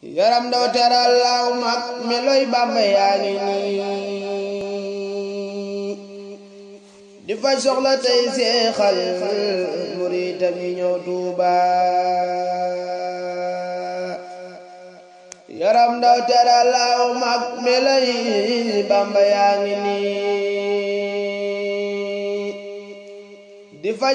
yaram daw teral laaw meloy Bàmba yaa di faj soxla tey seexal muritam yi ñëw yaram daw teral laaw meloy Bàmba yaa di faj